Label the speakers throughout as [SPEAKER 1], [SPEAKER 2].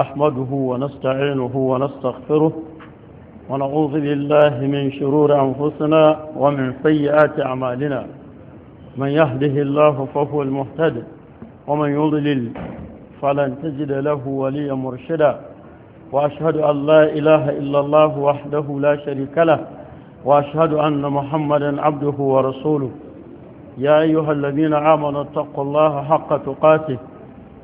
[SPEAKER 1] أحمده ونستعينه ونستغفره ونعوذ بالله من شرور أنفسنا ومن سيئات أعمالنا من يهده الله فهو المهتد ومن يضلل فلن تجد له وليا مرشدا وأشهد أن لا إله إلا الله وحده لا شريك له وأشهد أن محمدا عبده ورسوله يا أيها الذين آمنوا اتقوا الله حق تقاته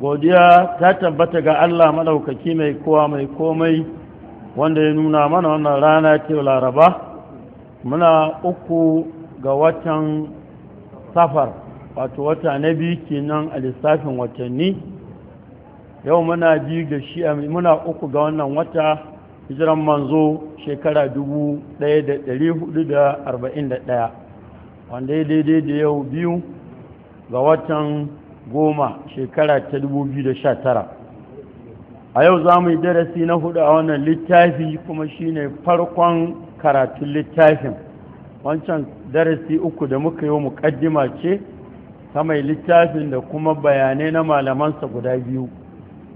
[SPEAKER 1] godiya ta tabbata ga Allah maɗaukaki mai kowa mai komai wanda ya nuna mana wannan rana ce laraba muna uku ga watan safar wato wata na biyu kenan a lissafin watanni yau muna ji ga shi muna uku ga wannan wata hijiran manzo shekara 1441 wanda ya daidai da yau biyu ga watan goma shekara ta 2019 a yau za mu yi darasi na hudu a wannan littafi kuma shine farkon karatun littafin wancan darasi uku da muka yi wa mukaddima ce ta mai littafin da kuma bayanai na malamansa guda biyu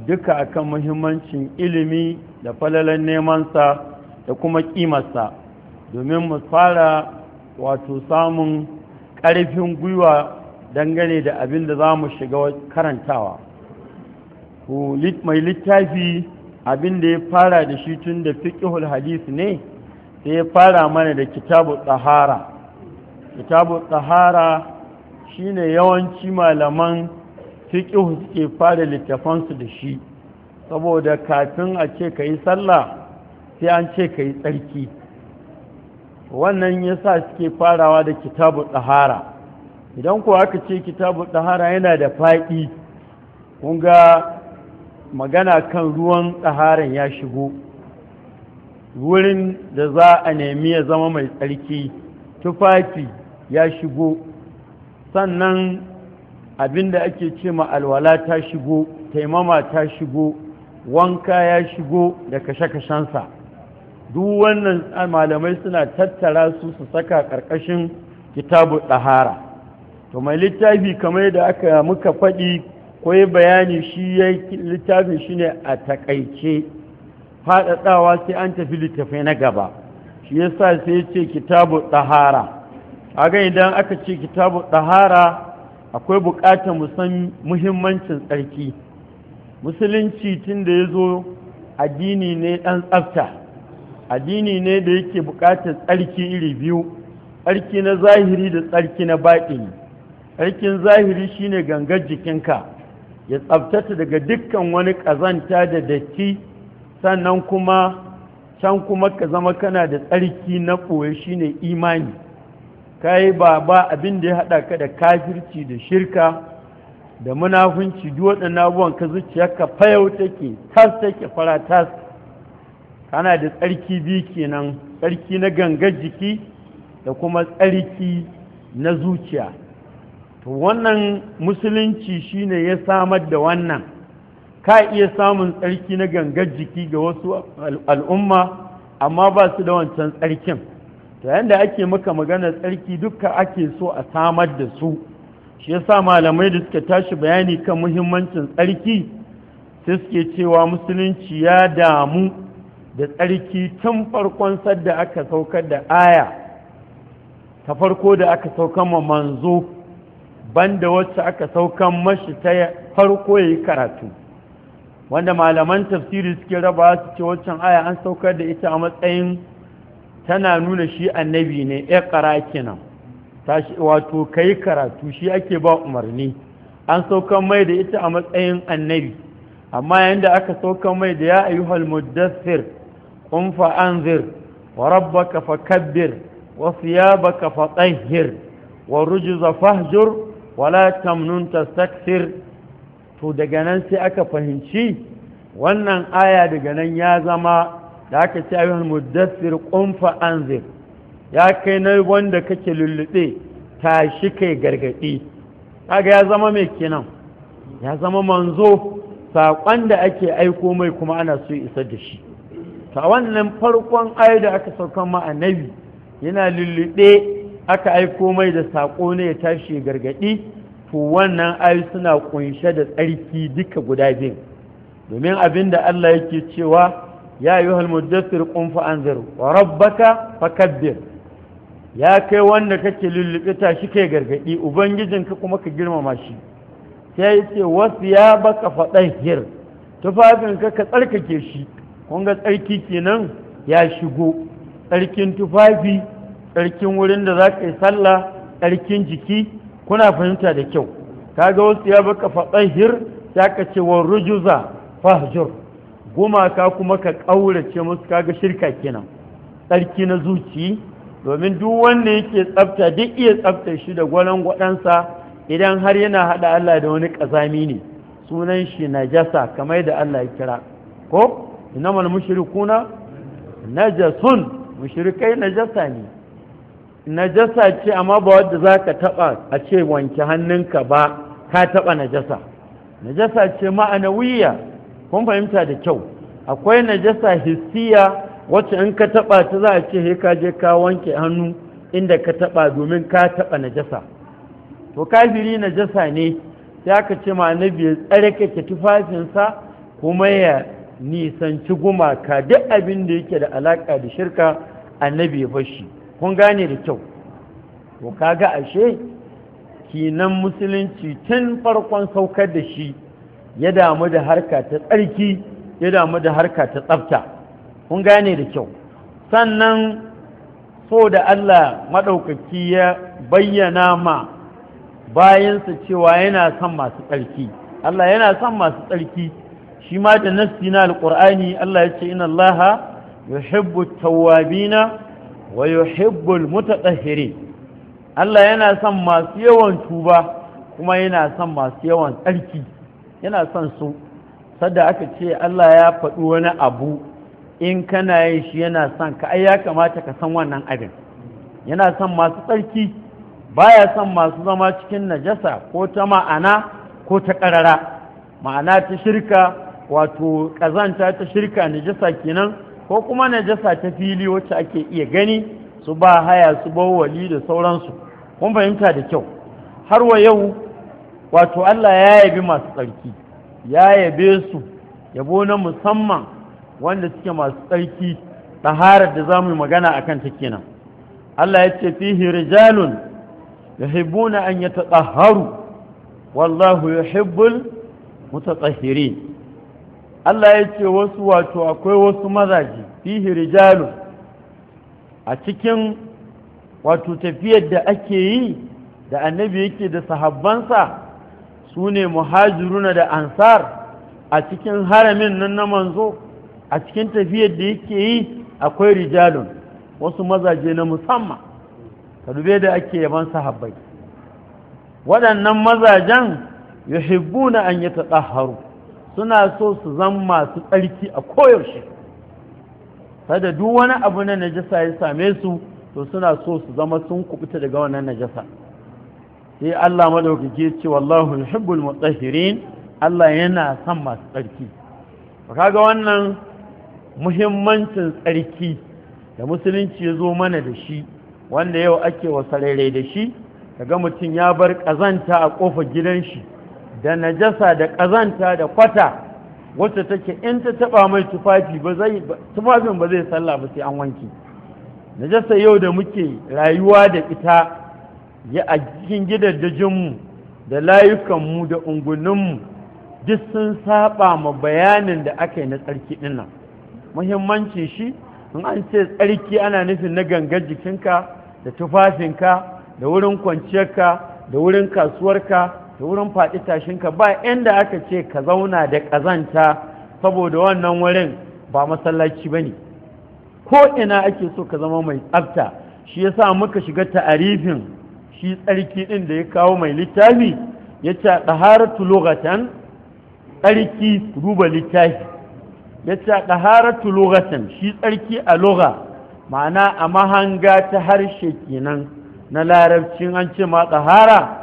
[SPEAKER 1] duka akan muhimmancin ilimi da falalan nemansa da kuma kimarsa domin mu fara wato samun ƙarfin gwiwa dangane da abin da za mu shiga karantawa mai littafi abin da ya fara da shi tun da fiƙihul hadis ne sai ya fara mana da kitabu tsahara kitabu tsahara shine yawanci malaman fiƙihu suke fara littafansu da shi saboda kafin a ce ka yi sallah sai an ce ka yi tsarki wannan ya sa suke farawa da kitabu tsahara idan kuwa aka ce kitabu ɗahara yana da faɗi kun magana kan ruwan ɗaharan ya shigo wurin da za a nemi ya zama mai tsarki tufafi ya shigo sannan abinda ake ce ma alwala ta shigo taimama ta shigo wanka ya shigo da kashe-kashensa duk wannan malamai suna tattara su su saka ƙarƙashin kitabu ɗahara to mai littafi kamar da aka muka faɗi ko bayani shi ya littafin shi ne a takaice faɗaɗawa sai an tafi littafi na gaba shi ya sa sai ya ce kitabu ɗahara aga idan aka ce kitabu ɗahara akwai buƙatar mu san muhimmancin tsarki musulunci tun da ya zo addini ne ɗan tsafta addini ne da yake buƙatar tsarki iri biyu tsarki na zahiri da tsarki na baƙini tsarkin zahiri shine gangar jikinka ya tsabtata daga dukkan wani ƙazanta da datti sannan kuma can kuma ka zama kana da tsarki na ɓoye shine imani kai ba ba abin da ya haɗa ka da kafirci da shirka da munafunci duk waɗannan abubuwan ka zuciyarka fayau take tas take fara tas kana da tsarki biyu kenan tsarki na gangar jiki da kuma tsarki na zuciya to wannan musulunci shine ya samar da wannan ka iya samun tsarki na gangar jiki ga wasu al'umma amma ba su da wancan tsarkin to yadda ake maka magana tsarki duka ake so a samar da su shi yasa malamai da suka tashi bayani kan muhimmancin tsarki sai suke cewa musulunci ya damu da tsarki tun farkon sadda aka saukar da aya ta farko da aka saukar ma manzo banda wacce aka saukan mashi ta farko ya yi karatu wanda malaman tafsiri suke raba su ce waccan aya an saukar da ita a matsayin tana nuna shi annabi ne ya kara kenan wato ka yi karatu shi ake ba umarni an saukan mai da ita a matsayin annabi amma yadda aka saukan mai da ya ayyuhal muddassir kun fa'anzir wa rabbaka fakabbir wa siyabaka fatahhir wa rujza fahjur wala tamnun tastakthir to daga nan sai aka fahimci wannan aya daga nan ya zama da aka ce ayyuhal muddathir qum fa anzir ya kai na wanda kake lullube tashi kai gargadi kaga ya zama mai kenan ya zama manzo saƙon da ake aiko mai kuma ana so isar da shi ta wannan farkon aya da aka saukan ma annabi yana lullube aka aiko komai da saƙo ne ya tashi gargaɗi to wannan ai suna kunshe da tsarki duka guda biyu domin abin da Allah yake cewa ya yi halmuddassir kun fa'anzir wa rabbaka fakabbir ya kai wanda kake lullube tashi kai gargaɗi Ubangijin ka kuma ka girmama shi sai ce wasu ya baka faɗan hir Tufafin ka tsarkake shi kun ga tsarki kenan ya shigo tsarkin tufafi tsarkin wurin da za ka yi sallah tsarkin jiki kuna fahimta da kyau kaga wasu ya baka fatsahir ya ka ce wa rujuza fahjur gumaka kuma ka ƙaurace musu kaga shirka kenan tsarki na zuci domin duk wanda yake tsafta duk iya tsafta shi da gwanon gwadansa idan har yana haɗa Allah da wani ƙazami ne sunan shi najasa kamar da Allah ya kira ko innamal mushrikuna najasun mushrikai najasa ne najasa ce amma ba wadda za ka taɓa a ce wanke hannunka ba ka taɓa najasa najasa ce ma'anawiya kun fahimta da kyau akwai najasa hissiya wacce in ka taɓa ta za a ce he ka je ka wanke hannu inda ka taɓa domin ka taɓa najasa to kafiri najasa ne sai aka ce ma ya tsarkake tufafinsa kuma ya nisanci gumaka duk abin da yake da alaƙa da shirka annabi ya fashi kun gane da kyau to kaga ashe kinan musulunci tun farkon saukar da shi ya damu da harka ta tsarki ya damu da harka ta tsafta kun gane da kyau sannan so da Allah maɗaukaki ya bayyana ma bayansa cewa yana son masu tsarki Allah yana son masu tsarki shi ma da nassi na alƙur'ani Allah ya ce inna Allah yuhibbu tawwabina wa yuhibbul mutatahhirin Allah yana son masu yawan tuba kuma yana son masu yawan tsarki yana son su sadda aka ce Allah ya faɗi wani abu in kana yin shi yana son ka ai ya kamata ka san wannan abin yana son masu tsarki baya son masu zama cikin najasa ko ta ma'ana ko ta ƙarara ma'ana ta shirka wato ƙazanta ta shirka najasa kenan ko kuma najasa ta fili wacce ake iya gani su ba haya su wali da sauransu kun fahimta da kyau har wa yau wato Allah ya yabi masu tsarki ya yabe su yabo na musamman wanda suke masu tsarki taharar da zamu magana akan ta kenan Allah ya ce fihi rijalun yuhibbuna an yatatahharu wallahu ya yuhibbul mutatahhirin Allah ya ce wasu wato akwai wasu mazaje fihi rijalu a cikin wato tafiyar da ake yi da annabi yake da sahabbansa su ne muhajiruna da ansar a cikin haramin nan na manzo a cikin tafiyar da yake yi akwai rijalun wasu mazaje na musamman ka dube da ake yaban sahabbai waɗannan mazajen yuhibbuna an yi ta suna so su zan masu tsarki a koyaushe sada duk wani abu na najasa ya same su to suna so su zama sun kubuta daga wannan najasa sai Allah madaukake ce wallahu yuhibbul mutahhirin Allah yana son masu tsarki kaga wannan muhimmancin tsarki da musulunci ya zo mana da shi wanda yau ake rairai da shi kaga mutum ya bar ƙazanta a ƙofar gidan shi da najasa da ƙazanta da kwata wacce take in ta taɓa mai tufafi ba zai tufafin ba zai sallah ba sai an wanke najasa yau da muke rayuwa da ita ya a cikin gidajenmu da layukanmu da unguninmu duk sun saba ma bayanin da aka yi na tsarki nan muhimmancin shi in an ce tsarki ana nufin na gangar jikinka da tufafinka da wurin kwanciyarka da wurin kasuwarka da wurin faɗi tashinka ba inda aka ce ka zauna da ƙazanta saboda wannan wurin ba masallaci ba ne ko ina ake so ka zama mai tsafta shi ya sa muka shiga ta'arifin shi tsarki ɗin da ya kawo mai littafi ya ce ɗaharatu logatan tsarki ruba littafi ya ce ɗaharatu logatan shi tsarki a loga ma'ana a mahanga ta harshe kenan na larabcin an ce ma ɗahara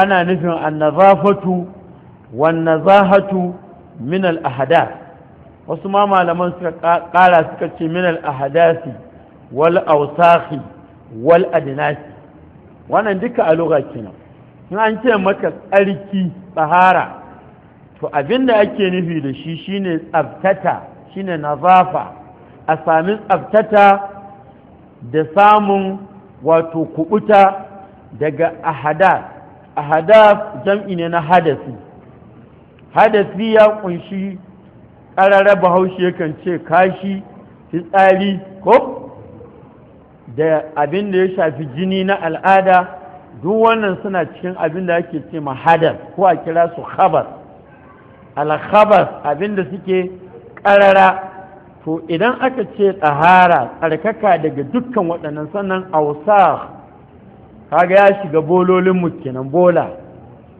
[SPEAKER 1] ana nufin annazafatu wan nazahatu min al ahadath wasu ma malaman suka kara suka ce min al ahadathi wal awsakhi wal adnasi wannan duka a lugha kenan in an ce maka tsarki tsahara to abinda ake nufi da shi shine tsabtata shine nazafa a sami tsabtata da samun wato kubuta daga ahada. ahadaf jam'i ne na hadasi hadasi ya kunshi ƙararra bahaushe yakan ce kashi fitsari ko da abin da ya shafi jini na al'ada duk wannan suna cikin abin da ake ce ma hadas ko a kira su khabar al khabar abin da suke ƙarara to idan aka ce tsahara tsarkaka daga dukkan waɗannan sannan ausar kaga ya shiga bololinmu kenan bola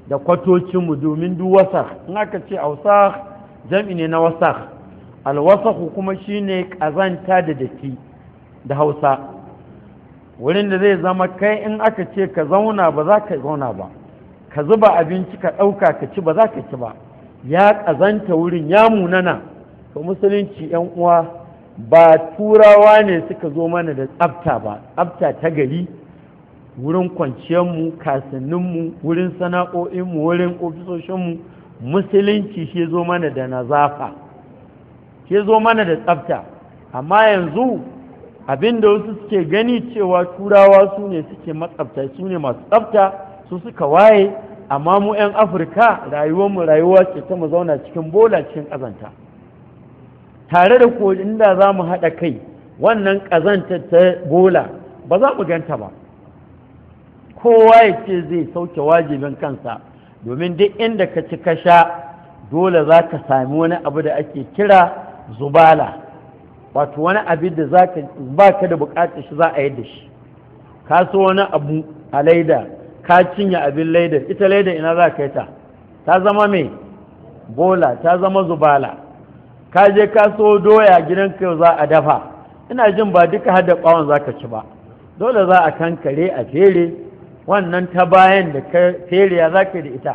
[SPEAKER 1] da kwatocinmu domin duk wasa in aka ce ausa jam'i ne na wasa alwasa kuma shine kazanta da datti da hausa wurin da zai zama kai in aka ce ka zauna ba za ka zauna ba ka zuba abinci ka ɗauka ka ci ba za ka ci ba ya kazanta wurin ya munana to musulunci yan uwa ba turawa ne suka zo mana da tsafta ba tsafta ta gari wurin kwanciyarmu kasaninmu, wurin sana'o'inmu wurin ofisoshinmu musulunci shi zo mana da nazafa shi zo mana da tsafta amma yanzu abinda wasu suke gani cewa turawa su ne suke matsafta su ne masu tsafta su suka waye amma mu 'yan afirka rayuwarmu rayuwa ce ta mu zauna cikin bola cikin ƙazanta tare da ko inda za mu haɗa kai wannan ƙazanta ta bola ba za mu ganta ba kowa ya ce zai sauke wajibin kansa domin duk inda ka ci ka sha dole za ka sami wani abu da ake kira zubala wato wani abin da za ka ba ka da bukatar shi za a yi da shi ka so wani abu a laida ka cinye abin laidar ita laidar ina za ka yi ta ta zama mai bola ta zama zubala ka je ka so doya ka za a dafa ina jin ba duka hada bawon za ka ci ba dole za a kankare a fere wannan ta bayan da teriya za ka da ita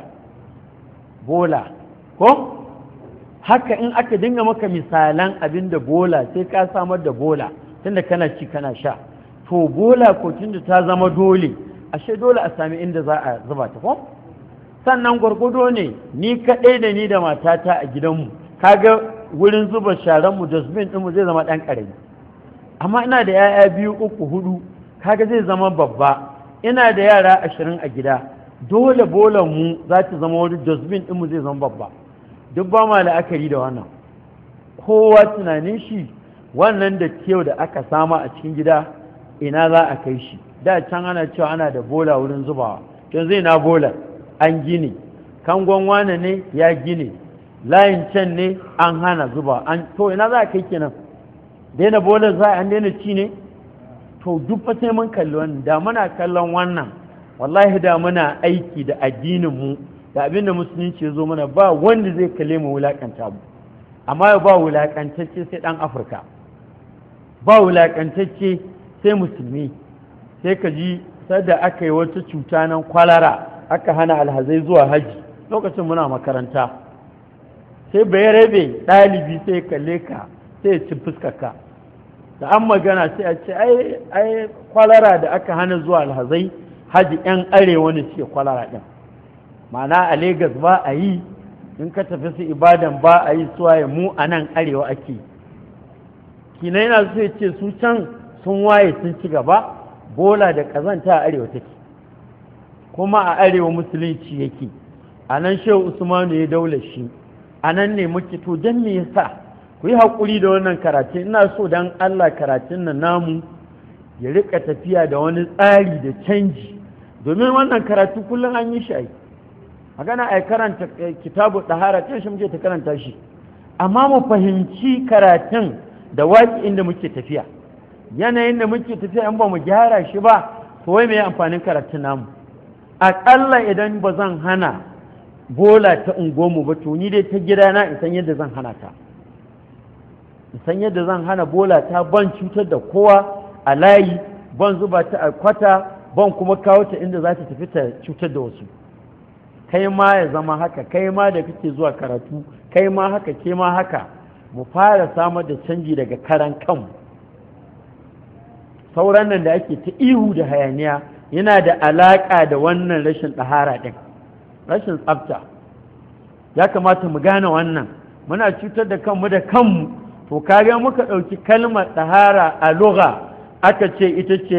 [SPEAKER 1] bola ko haka in aka dinga maka misalan abin da bola sai ka samar da bola tunda kana ci kana sha to bola ko tunda ta zama dole ashe dole a sami inda za a zuba ta ko sannan gwargwado ne ni kaɗai da ni da matata a gidanmu kaga wurin zuba sharanmu dustbin ɗinmu zai zama ɗan ƙarami amma ina da 'ya'ya biyu uku hudu kaga zai zama babba ina da yara ashirin a gida dole bolan mu za ta zama wani dustbin mu zai zama babba duk ba ma la'akari da wannan kowa tunanin shi wannan da kyau da aka sama a cikin gida ina za a kai shi da can ana cewa ana da bola wurin zubawa don zai na bola an gini kangon wane ne ya gini layin can ne an hana zuba to ina za a kai kenan daina bola za a daina ci ne to duk fa sai mun kalli wannan da muna kallon wannan wallahi da muna aiki da addinin mu da abin da musulunci ya zo mana ba wanda zai kalle mu wulakanta mu amma ba wulakantacce sai dan afirka ba wulakantacce sai musulmi sai ka ji sadda aka yi wata cuta nan kwalara aka hana alhazai zuwa haji lokacin muna makaranta sai bai rabe ɗalibi sai kalle ka sai ci ka. da an magana sai a ce ai kwalara da aka hana zuwa alhazai haji yan arewa ne suke kwalara ɗin. ma'ana a Legas ba a yi in ka tafi su ibadan ba a yi suwaye mu a nan arewa ake kina yana so ya ce su can sun waye sun ci gaba bola da kazanta a arewa take kuma a arewa musulunci yake a nan shehu usmanu ya daula shi a nan ne muke to don me yasa ku yi haƙuri da wannan karatun ina so don Allah karatun nan namu ya riƙa tafiya da wani tsari da canji domin wannan karatu kullum an yi shi ai magana ai karanta eh, kitabu ɗahara can shi muke ta karanta shi amma mu fahimci karatun da waƙi inda muke tafiya yanayin da muke tafiya in ba mu gyara shi ba to wai mai amfanin karatun namu aƙalla idan ba zan hana bola ta unguwarmu ba to ni dai ta gida na san yadda zan hana ta san yadda zan hana bola ta ban cutar da kowa a layi ban zuba ta a kwata ban kuma kawo ta inda za ta tafi ta cutar da wasu kai ma ya zama haka kai ma da kake zuwa karatu kai ma haka ke ma haka mu fara samar da canji daga karan kanmu sauran nan da ake ta ihu da hayaniya yana da alaƙa da wannan rashin ɗahara ɗin rashin tsafta ya kamata mu gane wannan muna cutar da kanmu da kanmu to kaga muka ɗauki kalmar ɗahara a lugha aka ce ita ce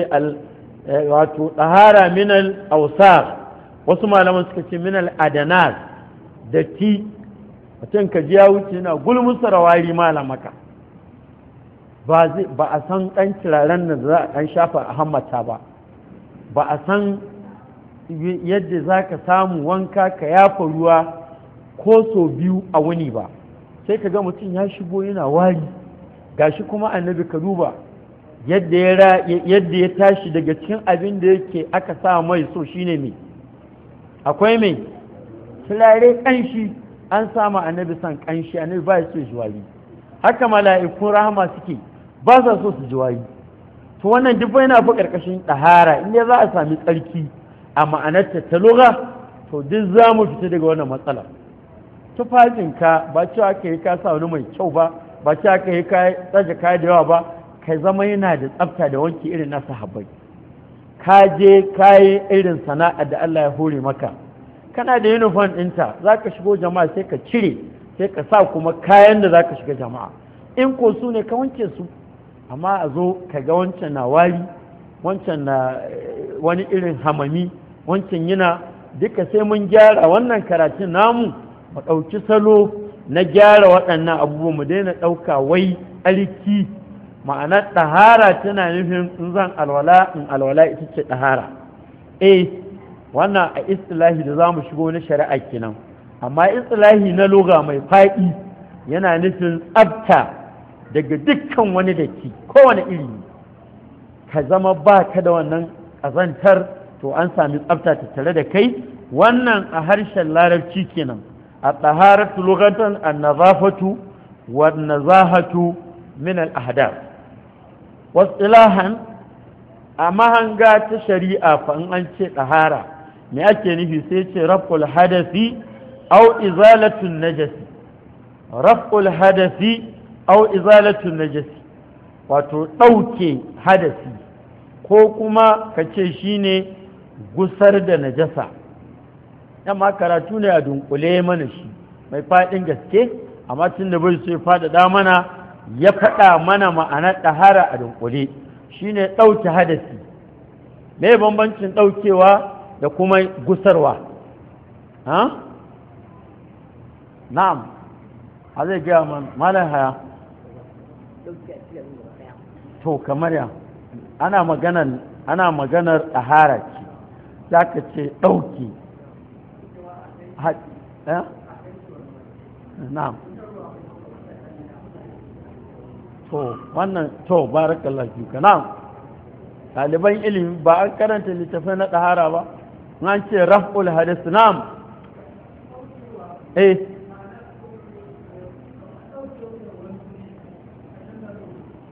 [SPEAKER 1] eh, wato ɗahara minal ausar wasu malaman suka ce minal adanas da ti mutum ka ji ya wuce yana gulmun sarawari malamaka ba a san ɗan turaren nan da za a ɗan shafa a hammata ba ba a san yadda za ka samu wanka ka yafa ruwa ko sau biyu a wuni ba sai ka ga mutum ya shigo yana wari ga shi kuma annabi ka duba yadda ya tashi daga cikin abin da yake aka sa mai so shine mai akwai mai turare kanshi an sama annabi san kanshi annabi ba ya so ji wari haka mala'ikun rahama suke ba sa so su ji wari to wannan duk yana fa karkashin ɗahara inda za a sami tsarki a ma'anar ta loga to duk za mu fita daga wannan matsalar tufafinka ba cewa ka yi kasa wani mai kyau ba ba cewa ka yi ka tsaje da yawa ba ka zama yana da tsafta da wanki irin na sahabbai ka je ka irin sana'a da Allah ya hore maka kana da uniform ɗinta za ka shigo jama'a sai ka cire sai ka sa kuma kayan da za ka shiga jama'a in ko su ne ka wanke su amma a zo ka ga wancan na wari wancan na eh, wani irin hamami wancan yana duka sai mun gyara wannan karatun namu mu ɗauki salo na gyara waɗannan abubuwan mu daina ɗauka wai aliki. ma'ana ɗahara tana nufin in zan alwala in alwala ita ce ɗahara eh wannan a istilahi da za mu shigo na shari'a kenan amma istilahi na loga mai faɗi yana nufin tsabta daga dukkan wani da ke kowane iri ka zama ba ka da wannan ƙazantar to an sami tsabta tare da kai wannan a harshen larabci kenan الطهارة لغة النظافة والنزاهة من الأحداث واصطلاحا أما هنغات شريعة فأنت طهارة ما أكيني في سيتي رفع الحدث أو إزالة النجس رفع الحدث أو إزالة النجس وتطوكي حدث ko kuma ka ce shine gusar da najasa ma karatu ne a dunkule mana shi mai faɗin gaske amma tun da bai sai faɗaɗa mana ya faɗa mana ma'anar ɗahara a dunkule ne ɗauke hadasi me bambancin ɗaukewa da kuma gusarwa ha na'am a zai gaya man malar haya to kamar ya ana maganar ɗahara ce za ka ce ɗauke Eh? na'am to wannan to barakallahu ka na'am ɗaliban ilimi ba an karanta littafin na ɗahara ba an ce raf'ul hadis na'am eh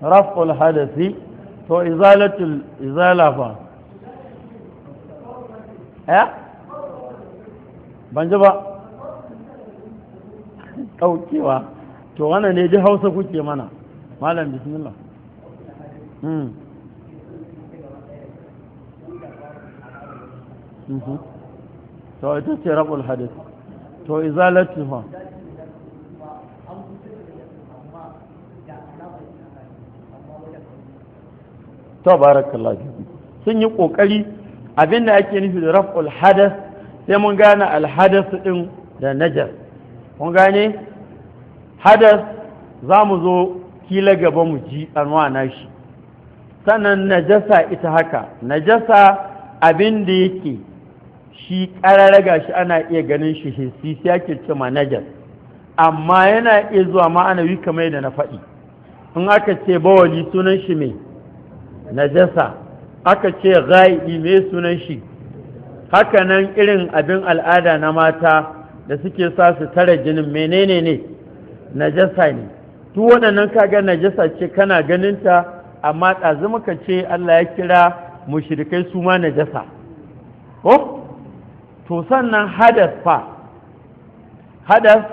[SPEAKER 1] raf'ul hadisi to izalatul izala fa eh ban ji ba ɗaukewa to wannan ne ji hausa kuke mana malam bismillah hmm. mhm. to ita ce raƙul hadith to izalatu ha to barakallahu sun yi ƙoƙari abinda ake nufi da raf'ul hadas sai mun gane alhadas ɗin da najas mun gane hadas za mu zo kila gaba mu ji anwana shi sannan najasa ita haka najasa abin da yake shi ƙararraga shi ana iya ganin shi hissi sai ake ma najas amma yana iya zuwa ma'ana wika mai da na faɗi in aka ce bawali sunan shi mai najasa aka ce ghaibi mai sunan shi hakanan irin abin al'ada na mata da suke sa su tara jinin menene ne najasa ne duk waɗannan kaga najasa ce kana ganinta amma ɗazu muka ce Allah ya kira mushrikai su ma najasa ko to sannan hadas fa hadas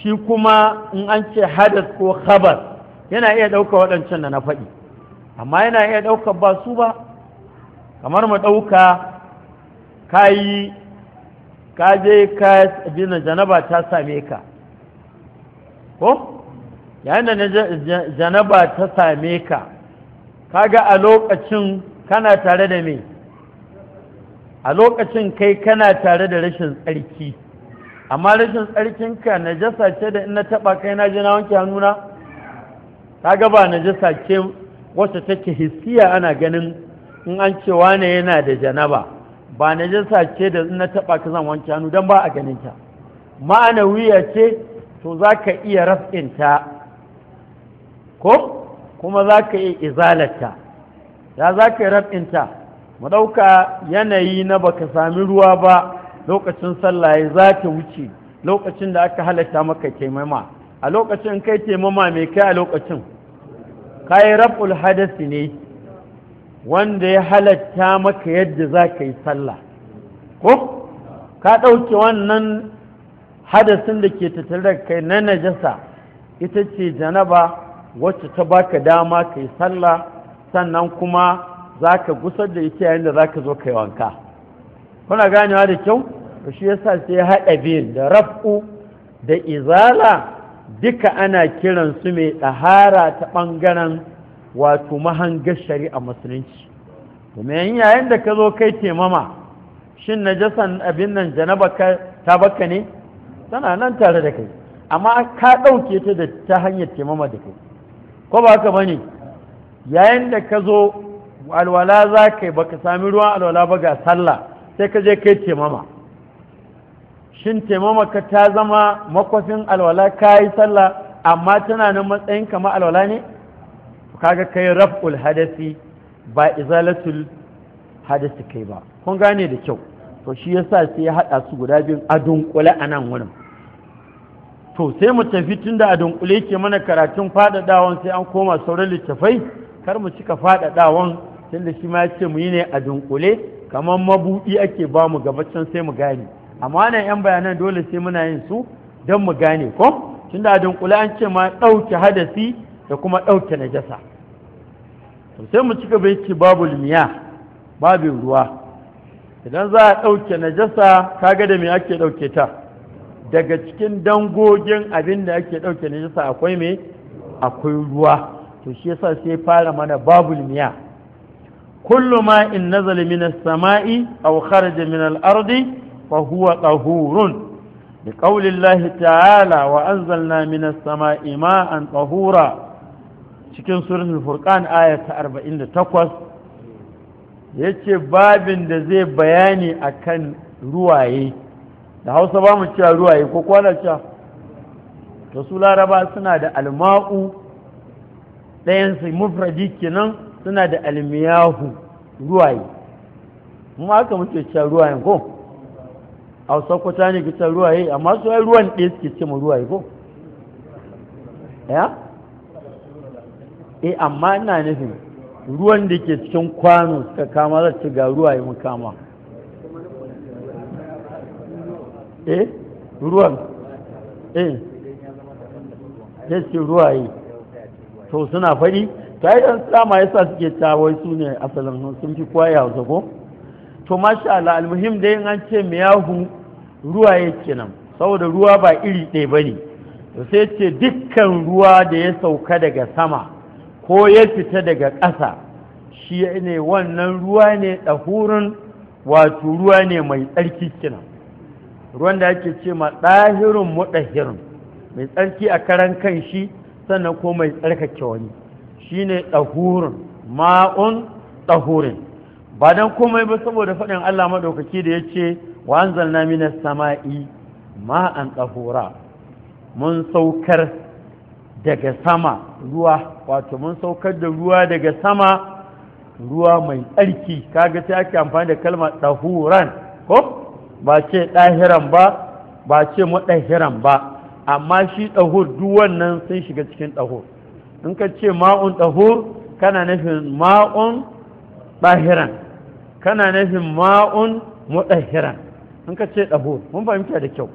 [SPEAKER 1] shi kuma in an ce hadas ko khabar yana iya ɗauka waɗancan da na faɗi amma yana iya ɗauka ba su ba kamar mu ɗauka ka yi ka je ka bina janaba ta same ka ko yayin da janaba ta same ka kaga a lokacin kana tare da me a lokacin kai kana tare da rashin tsarki amma rashin tsarkinka najasa ce da in na kai na je na wanke hannuna kaga ba najasa ce wacce take hissiya ana ganin in an cewa ne yana da janaba ba na jinsa ce da na taba ka zan wanke hannu dan ba a ganin ta ma'anawiya ce to zaka iya raf'inta ko kuma zaka iya izalata ya zaka raf'inta mu dauka yanayi na baka sami ruwa ba lokacin sallah za ta wuce lokacin da aka halatta maka taimama a lokacin kai taimama mai kai a lokacin kayi raf'ul hadasi ne wanda ya halatta maka yadda za ka yi sallah ko ka ɗauke wannan hadasin da ke tattare kai na najasa ita ce janaba wacce ta baka dama ka yi sallah sannan kuma za ka gusar da ita yayin da za ka zo ka yi wanka kuna ganewa da kyau shi yasa sai haɗa biyun da raf'u da izala duka ana kiransu mai ɗahara ta ɓangaren wato mahangar shari'a musulunci domin yayin da ka zo kai temama shin najasan abin nan janaba ta baka ne tana nan tare da kai amma ka ɗauke ta da ta hanyar temama da kai ko ba ka bane yayin da ka zo alwala za ka yi ka sami ruwan alwala ba ga sallah sai ka je kai temama shin temama ka ta zama makwafin alwala ka yi sallah amma tana nan matsayin kama alwala ne kaga kai raf'ul hadasi ba izalatul hadasi kai ba kun gane da kyau to shi yasa sai ya haɗa su guda biyun a dunkule a nan wurin to sai mu tafi tun da a dunkule ke mana karatun faɗaɗawan sai an koma sauran littafai kar mu cika faɗaɗawan tun da shi ma ya ce mu yi ne a dunkule kamar mabuɗi ake ba mu can sai mu gane amma nan yan bayanan dole sai muna yin su don mu gane ko tun da a dunkule an ce ma ɗauke hadasi da kuma ɗauke najasa sai mu ci gaba yake babu miya babin ruwa idan za a ɗauke najasa kaga da me ake ɗauke ta daga cikin dangogin abin da ake ɗauke najasa akwai me akwai ruwa to shi yasa sai fara mana babu miya kullu ma in nazala min as-sama'i aw kharaja min al-ardi fa huwa tahurun ta'ala wa anzalna mina sama'i السماء ماء cikin suratul furqan aya ta 48 yace babin da zai bayani akan ruwaye da Hausa ba mu cewa ruwaye ko kwana cewa to su Laraba suna da alma'u ɗayan su mufradi kenan suna da almiyahu ruwaye mu aka muke cewa ruwayen ko a sakwata ne fitar ruwaye amma su ruwan ɗaya suke ce mu ruwaye ko ya e amma ina nufin ruwan da ke cikin kwano suka kama za ci ga ruwa yi kama eh ruwan eh ya ce ruwa yi to suna faɗi ta yi ɗan tsama yasa suke tawai su ne asalin sun fi kwaya a zago to masha Allah almuhim dai an ce yahu ruwa ya kenan saboda ruwa ba iri ɗaya ba ne sai ce dukkan ruwa da ya sauka daga sama ko ya fita daga ƙasa shi ne wannan ruwa ne ɗahurin wato ruwa ne mai tsarki kina ruwan da ake ce ma ɗahirin muɗahirin mai tsarki a karan kan shi sannan ko mai tsarkake wani shi ne ɗahurin ma'un ɗahurin ba don komai ba saboda faɗin Allah maɗaukaki da ya ce wa na sama'i ma'an ɗahura mun saukar daga sama ruwa wato mun saukar da ruwa daga sama ruwa mai tsarki kaga sai ake amfani da kalmar ɗahuran ko ba ce ɗahiran ba ba ce muɗahiran ba amma shi ɗahur duk wannan sun shiga cikin ɗahur in ka ce ma'un ɗahur kana nufin ma'un ɗahiran kana nufin ma'un muɗahiran in ka ce ɗahur mun fahimta da kyau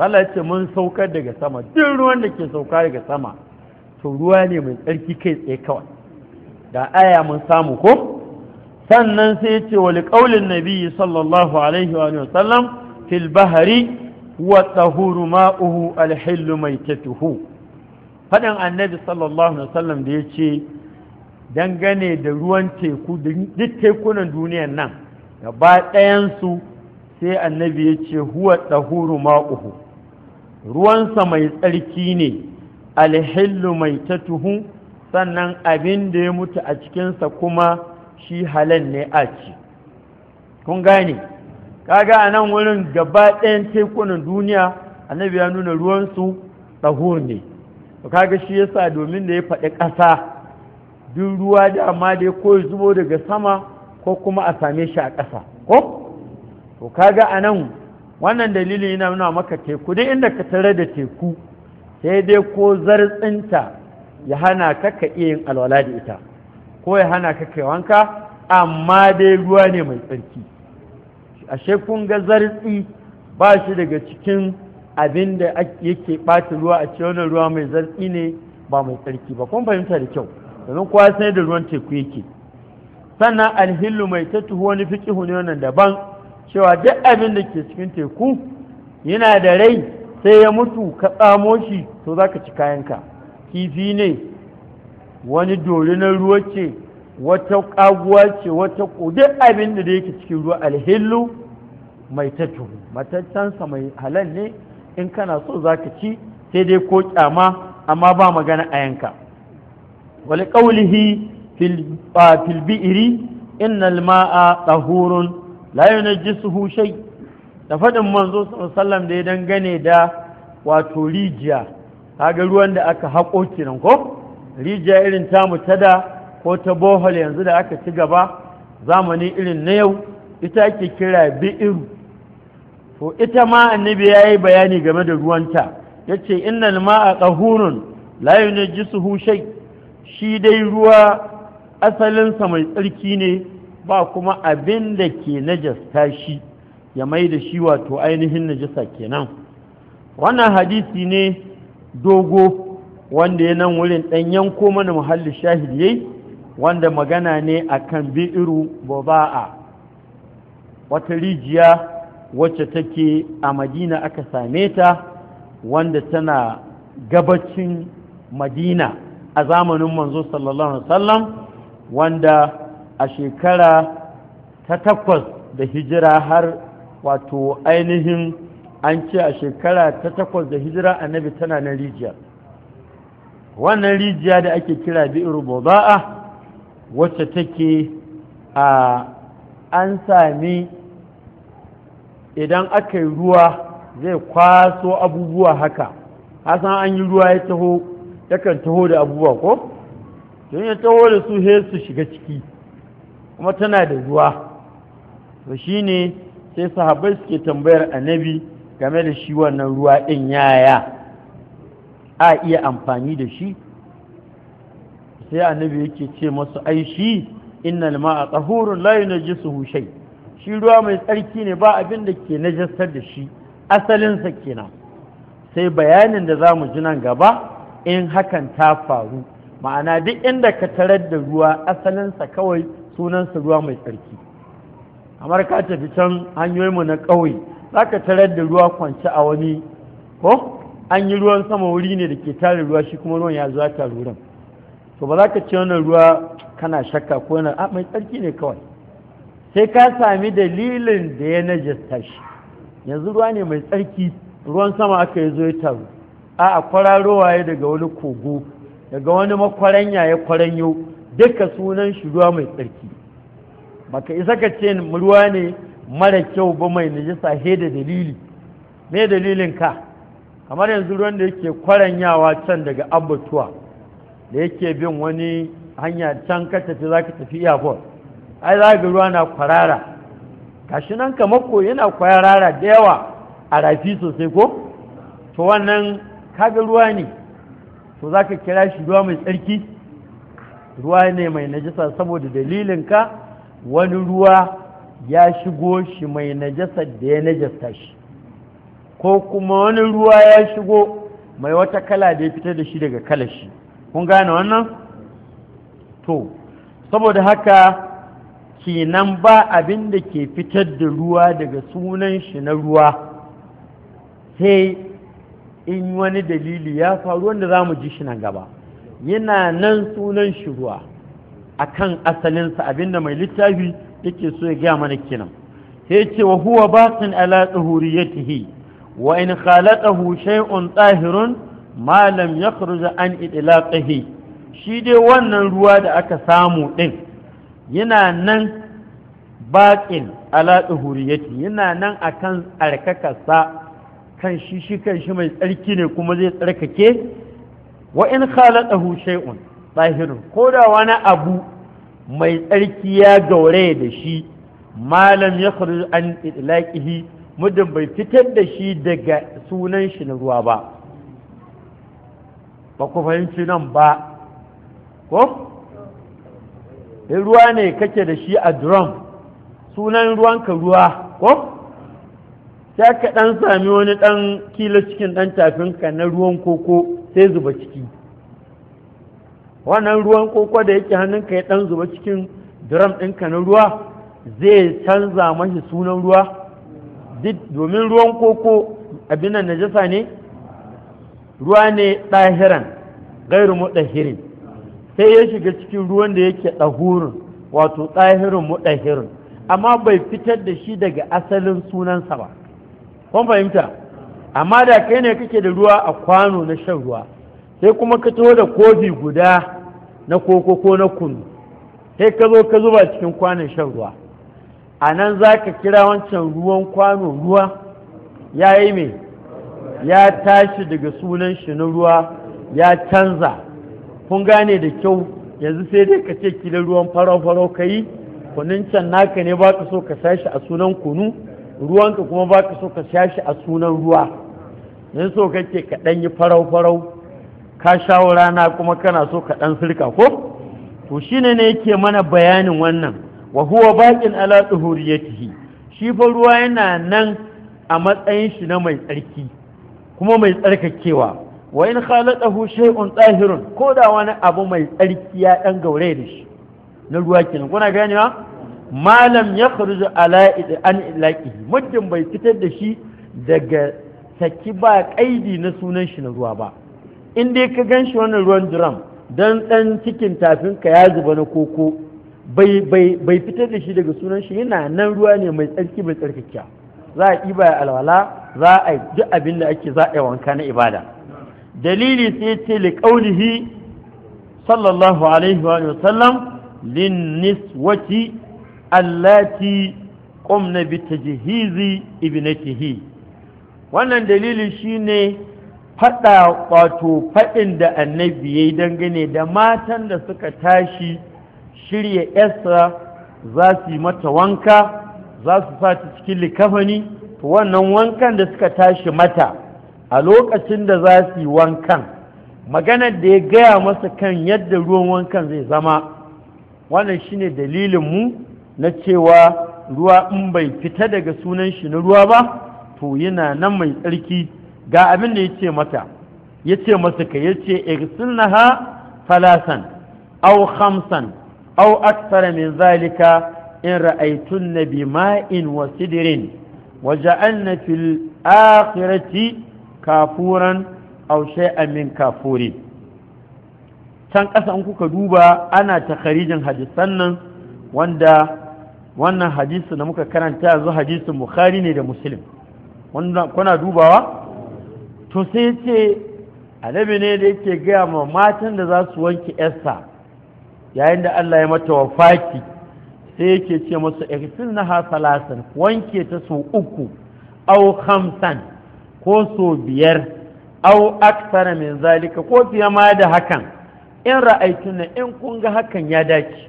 [SPEAKER 1] Allah ya ce mun saukar daga sama duk ruwan da ke sauka daga sama to ruwa ne mai tsarki kai tsaye kawai da aya mun samu ko sannan sai ce wa liƙaulin nabi sallallahu alaihi wa sallam fil bahari wa tahuru ma'uhu alhillu mai tatuhu faɗin annabi sallallahu alaihi wa sallam da ya ce dangane da ruwan teku duk tekunan duniyan nan gaba ɗayansu sai annabi ya ce huwa tahuru ma'uhu ruwansa mai tsarki ne alhillu mai ta tuhu sannan abin da ya mutu a cikinsa kuma shi halen ne a ci kun gane kaga a nan wurin gaba ɗayan tekunan duniya annabi ya nuna ruwansu tsaho ne kaga shi yasa domin da ya faɗi ƙasa duk ruwa da amma da ya zubo daga sama ko kuma a same shi a ƙasa ko to kaga a nan wannan dalilin yana nuna maka teku duk inda ka tare da teku sai dai ko zartsinta ya hana ka ka iya yin alwala da ita ko ya hana ka kai wanka amma dai ruwa ne mai tsarki ashe kun ga zartsi ba shi daga cikin abin da yake ɓata ruwa a ce wannan ruwa mai zartsi ne ba mai tsarki ba kun fahimta da kyau domin kowa sai da ruwan teku yake sannan alhillu mai tattuhu wani fiƙihu ne wannan daban cewa duk abin da ke cikin teku yana da rai sai ya mutu ka tsamo shi to za ka ci kayanka kifi ne wani na ruwa ce wata ƙaguwa ce wata duk abin da yake cikin ruwa alhillu mai tattu sa mai halal ne in kana so za ka ci sai dai ko kyama amma ba magana a yanka Wani ƙaulihi filbi'iri innal ma'a tsahurun layunar jisuhu shai da faɗin manzo sallam da ya dangane da wato rijiya kaga ruwan da aka haƙo kenan ko rijiya irin ta da ko ta bohol yanzu da aka ci gaba zamani irin na yau ita ake kira bi'iru to ita ma annabi ya yi bayani game da ruwanta ya ce innal ma'a ƙahurun la yunajjisuhu shay shi dai ruwa asalinsa mai tsarki ne ba kuma abin da ke najasta shi ya mai da shi wato ainihin najasa kenan wannan hadisi ne dogo wanda ya nan wurin ɗan yanko mana muhalli shahid yayi wanda magana ne akan bi'iru baba'a wata rijiya wacce take a madina aka same ta wanda tana gabacin madina a zamanin manzo sallallahu alaihi wasallam wanda a shekara ta takwas da hijira har wato ainihin an ce a shekara ta takwas da hijira annabi tana na rijiya wannan rijiya da ake kira bi'ir ba'a wacce take a an sami idan aka yi ruwa zai kwaso abubuwa haka hasan an yi ruwa ya taho yakan taho da abubuwa ko don ya taho da su he su shiga ciki kuma tana da ruwa to shine sai sahabbai suke tambayar annabi game da shi wannan ruwa ɗin yaya a iya amfani da shi sai annabi yake ce masu ai shi innal ma'a layu na yunajjisuhu hushai. shi ruwa mai tsarki ne ba abin da ke najasar da shi asalinsa kenan sai bayanin da za mu ji nan gaba in hakan ta faru ma'ana duk inda ka tarar da ruwa asalinsa kawai sunansa ruwa mai tsarki kamar ka tafi can mu na ƙauye za ka tarar da ruwa kwance a wani ko an yi ruwan sama wuri ne da ke tare ruwa shi kuma ruwan ya zuwa taru to ba za ka ce wannan ruwa kana shakka ko yana a ah, mai tsarki ne kawai sai ka sami dalilin da ya najasta shi yanzu ruwa ne mai tsarki ruwan sama aka yi zo ya taru a a kwararowa ya daga wani kogo daga wani makwaranya ya kwaranyo duka sunan shi ruwa mai tsarki baka isa ka ce ruwa ne mara kyau ba mai najisa he da dalili me dalilin ka kamar yanzu ruwan da yake kwaranyawa can daga abbatuwa da yake bin wani hanya can ka tafi za ka tafi iyakon, ai za ga ruwa na kwarara shi nan mako yana kwarara da yawa a rafi sosai ko to wannan kaga ruwa ne to za ka kira shi ruwa mai tsarki ruwa ne mai najisa saboda dalilin ka. wani ruwa ya shigo shi mai najasar da ya najasta shi ko kuma wani ruwa ya shigo mai wata kala da ya fitar da shi daga kalashi kun gane wannan to saboda haka kenan ba abin da ke fitar da ruwa daga sunan shi na ruwa sai in wani dalili ya faru wanda za mu ji shi nan gaba yana nan sunan shi ruwa akan asalinsa abinda mai littafi yake so ya gaya mana kenan sai ce wa huwa baqin ala tuhuriyatihi wa in khalaqahu shay'un tahirun ma lam yakhruj an idlaqihi shi dai wannan ruwa da aka samu din yana nan baƙin ala tuhuriyati yana nan akan tsarkakarsa kan shi shi kan shi mai tsarki ne kuma zai tsarkake wa in khalaqahu shay'un tsahirun ko da wani abu mai tsarki ya gaure da shi malam ya an itlaqihi muddin bai fitar da shi daga sunan shi na ruwa ba ba ku fahimci nan ba ko ruwa ne kake da shi a drum sunan ruwanka ruwa ko sai ka ɗan sami wani ɗan kila cikin ɗan tafinka na ruwan koko sai zuba ciki wannan ruwan koko da yake ka ya ɗan zuba cikin drum ɗinka na ruwa zai canza mashi sunan ruwa domin ruwan koko abin nan najasa ne ruwa ne ɗahiran gairu muɗahirin sai ya shiga cikin ruwan da yake ɗahurin wato ɗahirin muɗahirin amma bai fitar da shi daga asalin sunansa ba kun fahimta amma da kai ne kake da ruwa a kwano na shan ruwa sai kuma ka taho da kofi guda na koko ko na kunu sai ka zo ka zuba cikin kwanon shan ruwa a nan za ka kira wancan ruwan kwano ruwa ya yi mai ya tashi daga sunan shi na ruwa ya canza kun gane da kyau yanzu sai dai ka ce kila ruwan farau-farau ka yi kunun can naka ne ba ka so ka sashi a sunan kunu ruwanka kuma ba ka so ka sashi a sunan ruwa yanzu so kake ka ɗanyi yi farau-farau ka shawo rana kuma kana so ka ɗan sirka ko to shine ne yake mana bayanin wannan wa huwa baƙin ala tsuhuriyatihi shi fa ruwa yana nan a matsayin shi na mai tsarki kuma mai tsarkakewa wa in khalatahu shay'un tsahirun ko da wani abu mai tsarki ya dan gaure da shi na ruwa kenan kuna gane ma malam ya kharuju ala an ilaqihi muddin bai fitar da shi daga saki ba kaidi na sunan shi na ruwa ba in dai ka gan shi wannan ruwan drum don ɗan cikin tafin ka ya zuba na koko bai fitar da shi daga sunan shi yana nan ruwa ne mai tsarki mai tsarkakiya za a ɗiba ya alwala za a duk abin da ake za a yi wanka na ibada dalili sai ce li qaulihi sallallahu alaihi wa sallam lin niswati allati qumna bi tajhizi ibnatihi wannan dalili shine faɗa wato faɗin da annabi ya yi dangane da matan da suka tashi shirya esra za su yi mata wanka za su sa cikin likafani wannan wankan da suka tashi mata a lokacin da za su yi wankan maganar da ya gaya masa kan yadda ruwan wankan zai zama wannan shine dalilinmu na cewa ruwa in bai fita daga sunan shi na ruwa ba to yana nan mai tsarki ga abin da yace mata yace masa ka yace irsilnaha falasan au khamsan au akthara min zalika in ra'aytunna bima'in wa sidrin waja'alna fil akhirati kafuran aw shay'an min kafuri can ƙasa in kuka duba ana ta kharijin hadisan nan wanda wannan hadisi da muka karanta yanzu hadisin bukhari ne da muslim kuna dubawa to sai ce annabi ne da yake gaya ma matan da za su wanke esta yayin da Allah ya mata wafaki sai yake ce masu ikfil na salasan wanke ta so uku au khamsan ko sau biyar au aksara min zalika ko fiye ma da hakan in ra'aitun na in kun ga hakan ya dace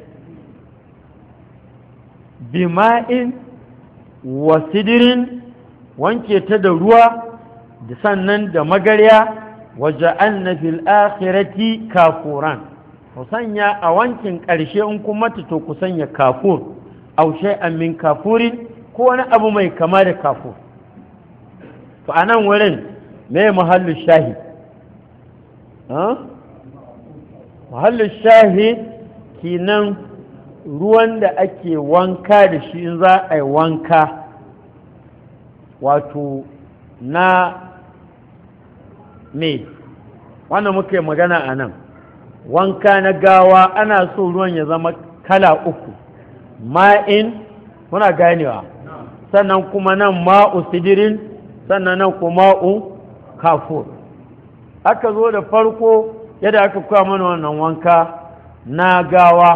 [SPEAKER 1] bima'in wa sidirin wanke ta da ruwa da sannan da magarya waje annafil akhirati kafuran ku sanya a wankin ƙarshe in kuma to ku sanya kafur aw min kafurin ko wani abu mai kama da kafur to a nan wurin me mahallu shahi mahallu shahi kinan ruwan da ake wanka da shi in za a yi wanka wato na me wannan muka magana a nan wanka na gawa ana so ruwan ya zama kala uku ma'in muna ganewa sannan kuma nan ma'u sidirin sannan nan kuma ma'u kafur aka zo da farko yadda aka koya mana wannan wanka na gawa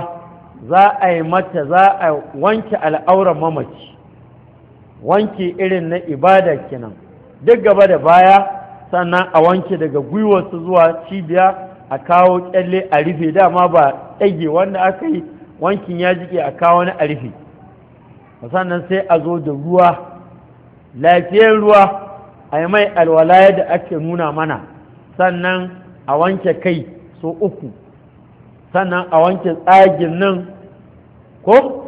[SPEAKER 1] za a yi mata za a wanke al'auran mamaci wanke irin na ibada kenan duk gaba da baya sannan a wanke daga gwiwarsu zuwa cibiya a kawo kyalle a rufe dama ba ɗage wanda aka yi wankin ya jike a kawo wani a rufe sannan sai a zo da ruwa lafiyar ruwa a yi mai alwalaya da ake nuna mana sannan a wanke kai so uku sannan a wanke tsagin nan ko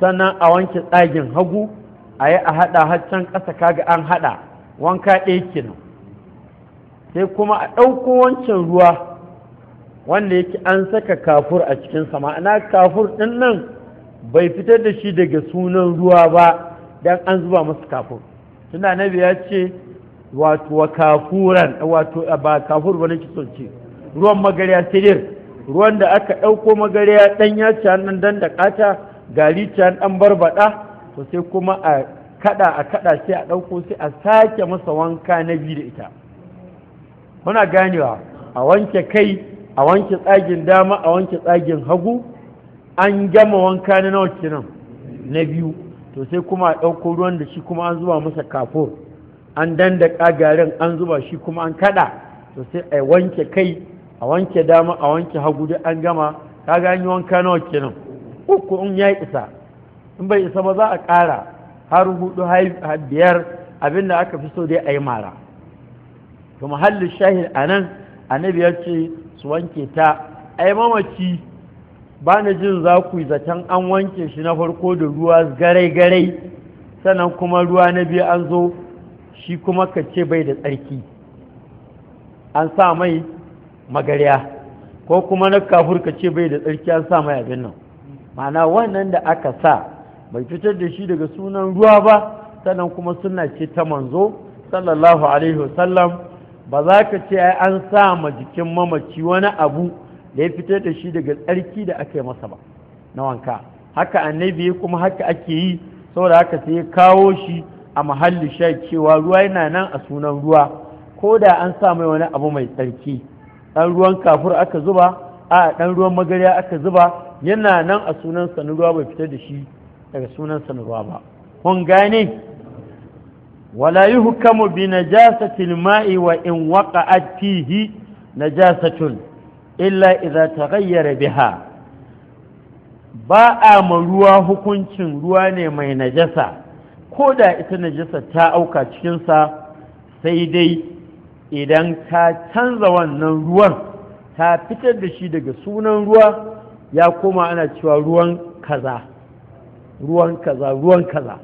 [SPEAKER 1] sannan a wanke tsagin hagu a yi a haɗa haccan ƙasa kaga an haɗa wanka ɗaya kenan sai kuma a ɗauko wancan ruwa wanda yake an saka kafur a cikinsa ma'ana kafur ɗin nan bai fitar da shi daga sunan ruwa ba don an zuba masa kafur tunda nabi ya ce wato wa kafuran wato ba kafur ba nake son ce ruwan magariya sidir ruwan da aka ɗauko magariya ɗan ya ci nan dan da ƙata gari ci ɗan barbaɗa to sai kuma a kaɗa a kaɗa sai a ɗauko sai a sake masa wanka na biyu da ita Muna ganewa a wanke kai a wanke tsagin dama a wanke tsagin hagu an gama wanka na nawa kenan na biyu to sai kuma a ɗauko ruwan da shi kuma an zuba masa kafur an dandaka garin an zuba shi kuma an kada to sai a wanke kai a wanke dama a wanke hagu duk an gama ka gani wanka nawa kenan uku in ya isa in bai isa ba za a ƙara har hudu har biyar abinda aka fi so dai a yi mara to muhallin shahid anan annabi ya ce su wanke ta ai mamaci ba na jin za ku yi zaton an wanke shi na farko da ruwa garai-garai sannan kuma ruwa na biyu an zo shi kuma ka ce bai da tsarki an sa mai magarya ko kuma na kafur ka ce bai da tsarki an sa mai abin nan ma'ana wannan da aka sa bai fitar da shi daga sunan ruwa ba sannan kuma suna ce ta manzo sallallahu alaihi wasallam ba za ka ce ai an sa ma jikin mamaci wani abu da ya fitar da shi daga tsarki da aka yi masa ba na wanka haka annabi ya kuma haka ake yi saboda haka sai ya kawo shi a mahalli sha cewa ruwa yana nan a sunan ruwa ko da an sa mai wani abu mai tsarki ɗan ruwan kafur aka zuba a ɗan ruwan magarya aka zuba yana nan a sunan ruwa bai fitar da shi daga sunan ruwa ba kun gane wala yuhkamu bi najasatil ma'i wa in waqa'at fihi najasatun illa idza taghayyara biha ba a ma ruwa hukuncin ruwa ne mai najasa ko da ita najasa ta auka cikinsa sai dai idan ta canza wannan ruwan ta fitar da shi daga sunan ruwa ya koma ana cewa ruwan kaza ruwan kaza ruwan kaza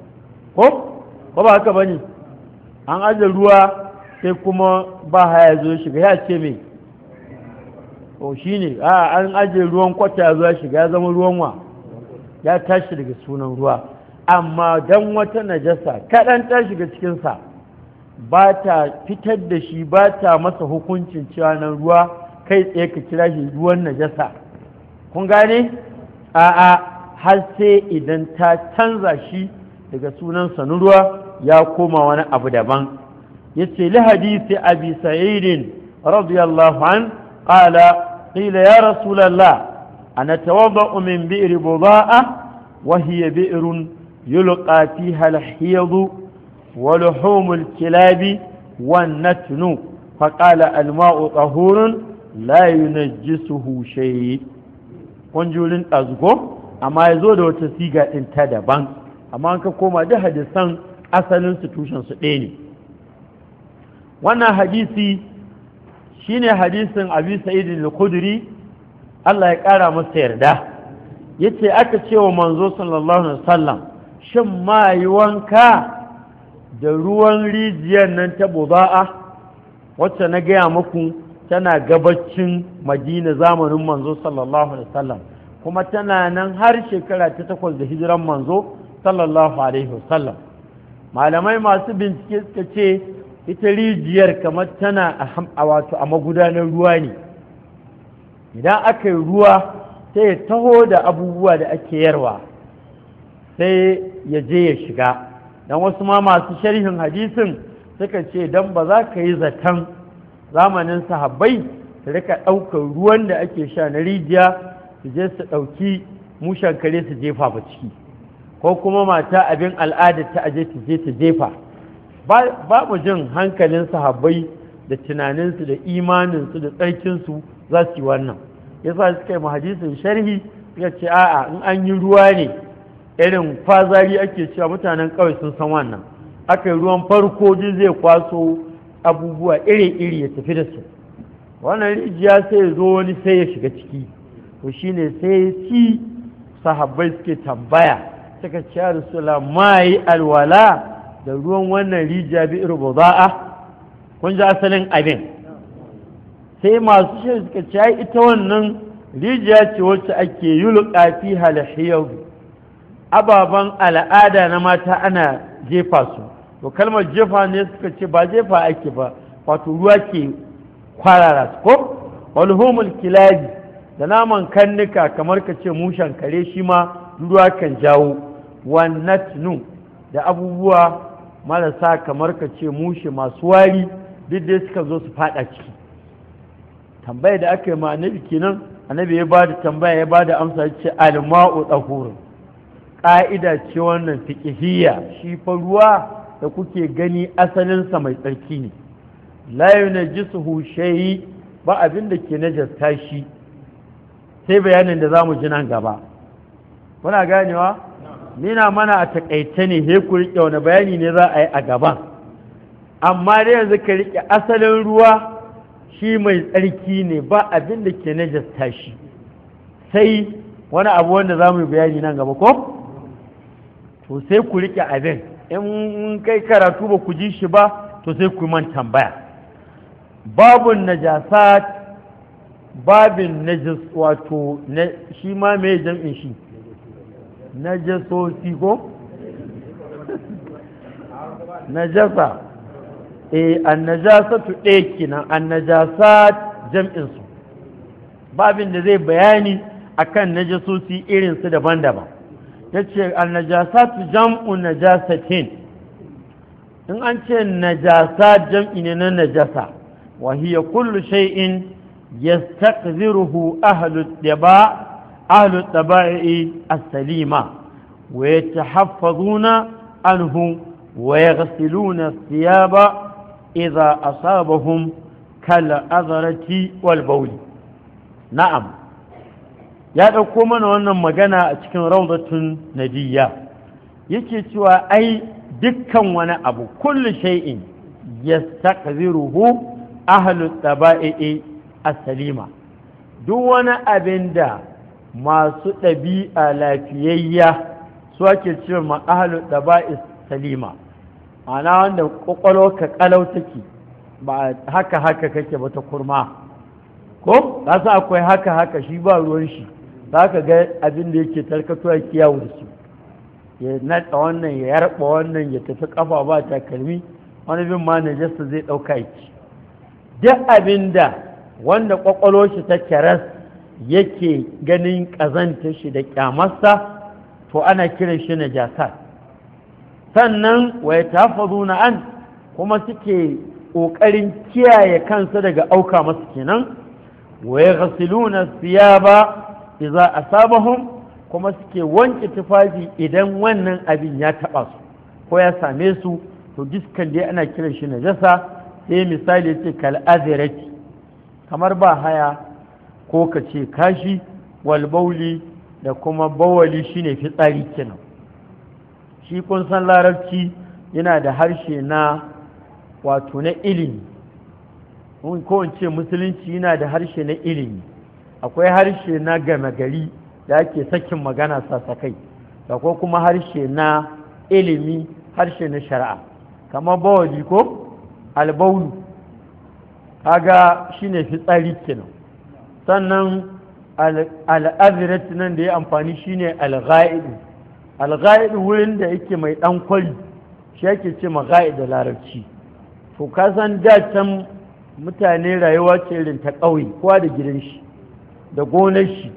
[SPEAKER 1] ko ba haka bane an aje ruwa sai kuma ba haya zo shiga ya ce mai o oh, shi ne an aje ruwan kwata ya zo shiga ya zama ruwan wa ya tashi daga sunan ruwa amma don wata najasa kaɗan ta shiga cikinsa ba ta fitar da shi ba ta masa hukuncin cewa nan ruwa kai tsaye ka kira shi ruwan najasa kun gane a'a har sai idan ta canza shi daga sunan sanin ruwa ya koma wani abu daban yace li hadisi abi sa'id radiyallahu an qala ƙila ya rasulullah ana tawadda min bi'r budaa wa hiya bi'r yulqa fiha al-hiyad wa luhum al wan natnu فقال الماء طهور la yunajjisuhu shay kunjulin ɗazuko amma ya zo da wata siga ɗin ta daban amma an ka koma da hadisan asalin su tushen su ɗaya ne wannan hadisi shine hadisin abi sa'id al-khudri Allah ya ƙara masa yarda yace aka ce wa manzo sallallahu alaihi wasallam shin ma yi wanka da ruwan rijiyar nan ta buza'a wacce na gaya muku tana gabacin madina zamanin manzo sallallahu alaihi wasallam kuma tana nan har shekara ta takwas da hijiran manzo sallallahu alaihi wasallam malamai masu bincike suka ce ita rijiyar kamar tana a wato a magudanar ruwa ne idan aka yi ruwa sai ya taho da abubuwa da ake yarwa sai ya je ya shiga don wasu ma masu sharhin hadisin suka ce don ba za ka yi zaton zamanin sahabbai su rika ɗaukar ruwan da ake sha na rijiya su je su ɗauki mushan kare su jefa ba ciki ko kuma mata abin al'ada ta aje ta je ta jefa ba mu jin hankalin sahabbai da tunaninsu da imaninsu da tsarkinsu za su yi wannan yasa suka yi hadisin sharhi suka ce a'a in an yi ruwa ne irin fazari ake cewa mutanen kawai sun san wannan aka yi ruwan farko duk zai kwaso abubuwa iri-iri ya tafi da su wannan rijiya sai ya zo wani sai ya shiga ciki to shine sai ci sahabbai suke tambaya suka ce ya rasula ma yi alwala da ruwan wannan rijiya bi za'a, kun ji asalin abin sai masu shi suka ce ita wannan rijiya ce wacce ake yi fi halhiyau ababan al'ada na mata ana jefa su to kalmar jefa ne suka ce ba jefa ake ba wato ruwa ke kwarara su ko walhumul kilabi da naman kannika kamar ka ce mushen kare shi ma ruwa kan jawo wannatnu da abubuwa marasa kamar ka ce mushe masu wari duk dai suka zo su fada ciki tambaya da aka yi ma annabi kenan annabi ya ba da tambaya ya ba da amsa ya ce alma'u dahur ƙa'ida ce wannan fiqhiyya shi fa ruwa da kuke gani asalinsa mai tsarki ne la su shay'i ba abin da ke najasta shi sai bayanin da zamu ji nan gaba kuna ganewa nina mana a takaice ne he ku riƙe wani bayani ne za a yi a gaban amma dai yanzu ka riƙe asalin ruwa shi mai tsarki ne ba abin da ke najasta shi sai wani abu wanda za mu yi bayani nan gaba ko to sai ku riƙe abin in kai karatu ba ku ji shi ba to sai ku man tambaya babun najasa babin najis wato shi ma mai jam'in shi ko najasa eh annajasatu ɗaya kenan annajasat jam'in babin da zai bayani akan najasosi irin su daban-daban yace annajasatu jam'u najasatin in an ce najasa jam'i ne na najasa wa hiya kullu shay'in yastaqdiruhu ahlud diba ahlu tabai as-salima wa yatahaffazuna anhu wa yaghsiluna thiyaba idza asabahum kal azrati wal bawl na'am ya ɗauko mana wannan magana a cikin rawdatun nadiyya yake cewa ai dukkan wani abu kullu shay'in yastaqdiruhu ahlu tabai as-salima duk wani abin da masu ɗabi'a lafiyayya su ake cewa ma ahalu ɗaba'is salima ana wanda ƙwaƙwalo ka ƙalau take ba haka haka kake ba ta kurma ko ba su akwai haka haka shi ba ruwan shi za ka ga abin da yake tarkato ya kiyawarsu, ya naɗa wannan ya yarɓa wannan ya tafi ƙafa ba takalmi wani bin ma najasta zai ɗauka yake duk abin da wanda ƙwaƙwalo shi ta keras yake ganin ƙazantar shi da ƙyamarsa to ana kiran shi na najasa sannan wa yatahafazuna an kuma suke ƙoƙarin kiyaye kansa daga auka masu kenan waya wa yaghsiluna a idza asabahum kuma suke wanke tufafi idan wannan abin ya taɓa su ko ya same su to diskan dai ana kiran shi na jasa, sai misali ce kal kamar ba haya ko ka ce kashi walbauli da kuma bawali shine fitsari kenan shi kun san larabci yana da harshe na wato na ilimi ko in ce musulunci yana da harshe na ilimi akwai harshe na game gari da ake sakin magana sasakai da kuma harshe na ilimi harshe na shari'a kamar bawali ko albaulu kaga shine fitsari kenan sannan al'azirat nan da ya amfani shine ne ghaidu wurin da yake mai ɗan kwari shi yake ce ma da larabci to ka san da can mutane rayuwa ce irin ta ƙauye kowa da gidan shi da gonar shi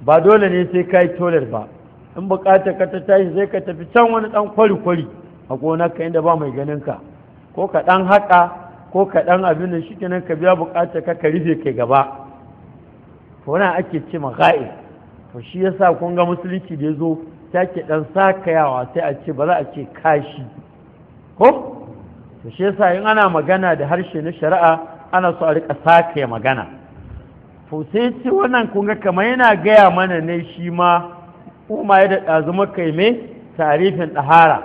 [SPEAKER 1] ba dole ne sai ka yi tolar ba in bukatar ka ta tashi sai ka tafi can wani ɗan kwari-kwari a gonarka inda ba mai ganin ka ko ka ɗan haƙa ko ka ɗan abin da shi kenan ka biya bukatar ka ka rufe kai gaba to ake ce ma to shi yasa kun ga musulunci da ya zo take dan sakayawa sai a ce ba za a ce kashi ko to shi yasa in ana magana da harshe na shari'a ana so a rika sakaya magana to sai ce wannan kun ga kamar yana gaya mana ne shi ma kuma ya da ɗazuma kai mai tarifin ɗahara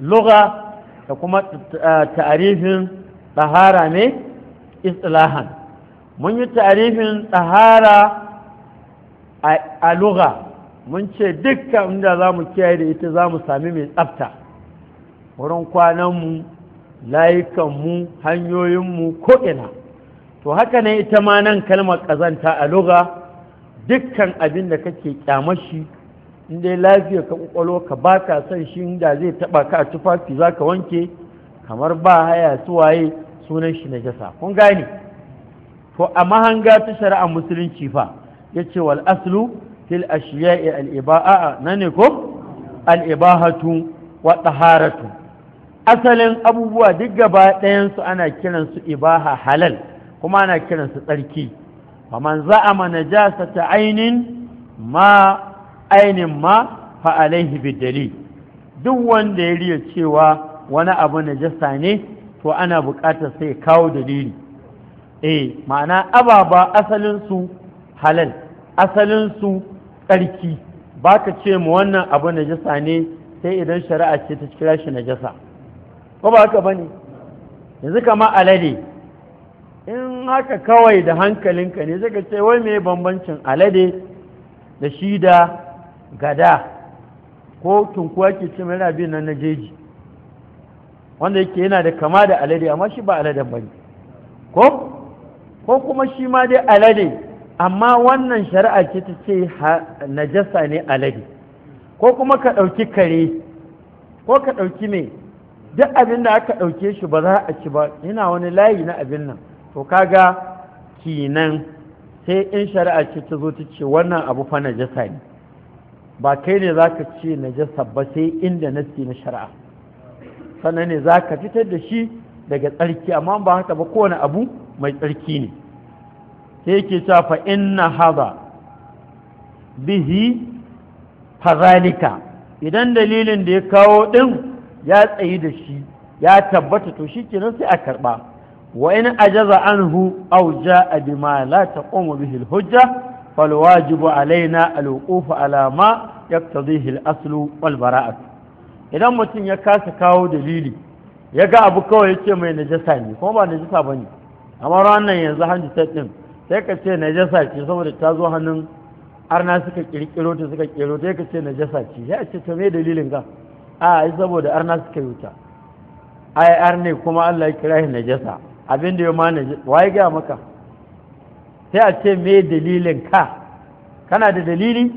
[SPEAKER 1] luga da kuma eh, tarifin ɗahara ne istilahan mun yi tarihin tsahara a lugha mun ce dukkan inda za mu kiyaye da ita za mu sami mai tsafta wurin kwananmu layukanmu hanyoyinmu ko'ina to haka ne ita ma nan kalmar ƙazanta a lugha dukkan abin da kake kyamashi in dai lafiya ka kwakwalwa ka ba ka son shi inda zai taɓa ka tufafi za ka wanke kamar ba haya waye sunan shi na jasa kun gane to a mahanga ta shari'a musulunci fa ya yace wal aslu fil ashiya'i al iba'a na ne ko al ibahatu wa taharatu asalin abubuwa duk gaba ɗayan su ana kiran su ibaha halal kuma ana kiran su tsarki man za'ama ta ainin ma ainin ma fa alaihi bidali duk wanda ya riya cewa wani abu najasa ne to ana buƙatar sai kawo dalili eh ma'ana ababa asalinsu halal asalinsu tsarki ba ka ce mu wannan abu najasa ne sai idan shari'a ce ta kira shi najasa ko ba haka ba ne yanzu kama alade in haka kawai da hankalinka ne zai ka ce wai me bambancin alade da shi da gada ko tunkuwa ke ce mai rabi nan na jeji wanda yake yana da kama da alade amma shi ba aladen ba ne ko ko kuma shi ma dai alade amma wannan shari'a ce ta ce najasa ne alade ko kuma ka ɗauki kare ko ka ɗauki me duk abin da aka ɗauke shi ba za a ci ba yana wani layi na abin nan to ka ga kinan sai in shari'a ce ta zo ta ce wannan abu fa najasa ne ba kai ne za ka ce najasa ba sai inda nasi na shari'a sannan ne za ka fitar da shi daga tsarki amma ba haka ba kowane abu mai tsarki ne sai yake cewa fa inna haza bihi fazalika idan dalilin da ya kawo din ya tsayi da shi ya tabbata to shi kenan sai a karba wa in ajaza anhu aw jaa bima la taqumu bihi al-hujja fal wajibu alaina al-wuquf ala ma yaqtadihi al-aslu wal bara'at idan mutum ya kasa kawo dalili ya ga abu kawai yace mai najasa ne kuma ba najasa bane amma ranan yanzu hanji ta din sai ka ce najasa ce saboda ta zo hannun arna suka kirkiro ta suka kero ta ka ce najasa ce ya ce ta me dalilin ka a yi saboda arna suka yi ta ai arne kuma Allah ya kira shi najasa abin da ya ma najasa waye ga maka sai a ce me dalilin ka kana da dalili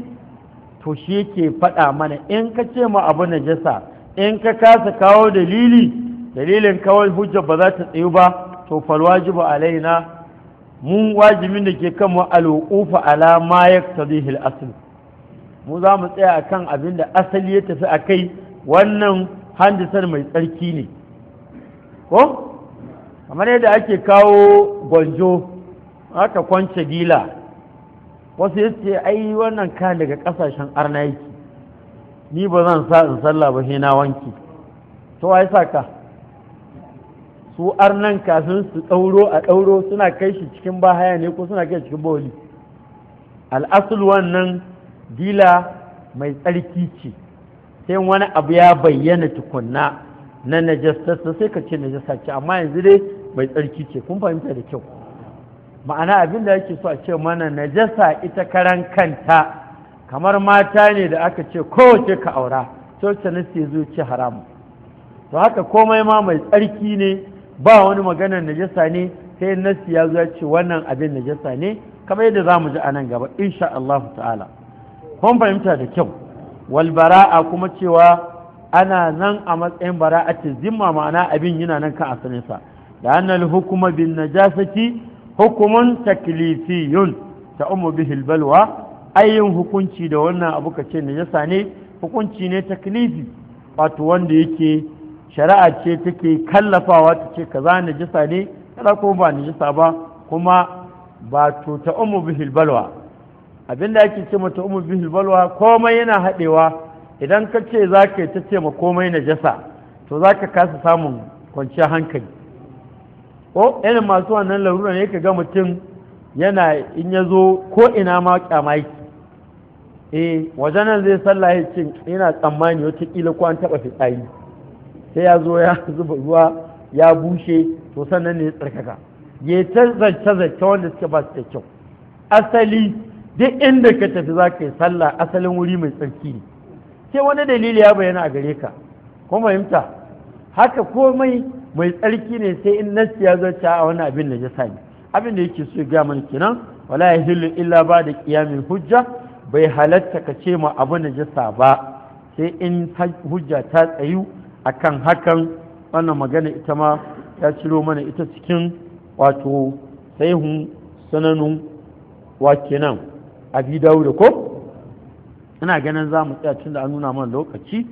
[SPEAKER 1] to shi yake faɗa mana in ka ce ma abu najasa in ka kasa kawo dalili dalilin kawai hujja ba za ta tsayu ba to falwajibu alaina mun wajibin da ke kan mu ala ma yaqtadihi al-asl mu za mu tsaya akan abin da asali ya tafi a kai wannan handisar mai tsarki ne ko kamar yadda ake kawo gwanjo aka kwance gila. wasu ya ce ai wannan ka daga kasashen arna yake ni ba zan sa in sallah ba na wanki to ai sa ka su arnan kafin su ɗauro a ɗauro suna kai shi cikin bahaya ne ko suna kai cikin boli? al'asul wannan dila mai tsarki ce sai wani abu ya bayyana tukunna na najasta sai ka ce najasa ce amma yanzu dai mai tsarki ce kun fahimta da kyau ma'ana abin da yake so a ce mana najasa ita karan kanta kamar mata ne da aka ce kowace ka aura coci na ce zo haramu to haka komai ma mai tsarki ne ba wani magana najasa ne sai nasi ya zo ce wannan abin najasa ne kamar yadda za mu ji a nan gaba insha Allah ta'ala kun fahimta da kyau wal bara'a kuma cewa ana nan a matsayin bara'ati zimma ma'ana abin yana nan kan asalinsa da annal hukuma bin najasati hukumun taklifiyun ta umu bihil balwa ayyin hukunci da wannan abu ka ce najasa ne hukunci ne taklifi wato wanda yake shari'a ce take kallafawa ta ce ka kaza najisa ne kada ko ba najisa ba kuma ba to ta umu bihil balwa abinda ake ce mata umu bihil balwa komai yana haɗewa idan ka ce za ka yi ta ce ma komai najasa to za ka kasa samun kwanciyar hankali ko yana masu wannan larura ne ka ga mutum yana in ya zo ko ina ma kyamaki eh wajen nan zai sallah ya ce ina tsammani wataƙila ko an taɓa fitsari sai ya zo ya zuba ruwa ya bushe to sannan ne ya tsarkaka ya ta zarce zarce wanda suke ba su da kyau asali duk inda ka tafi za ka yi sallah asalin wuri mai tsarki ne sai wani dalili ya bayyana a gare ka ko fahimta haka komai mai tsarki ne sai in nasi ya zarce a wani abin da ya sami abin da yake so ya mana kenan wala ya hillu illa ba da kiyamin hujja bai halatta ka ce ma abu najasa ba sai in hujja ta tsayu akan hakan wannan magana ita ma ya ciro mana ita cikin wato saihun sananun wake nan abi dawo ko ina ganin za mu tsaya tunda an nuna mana lokaci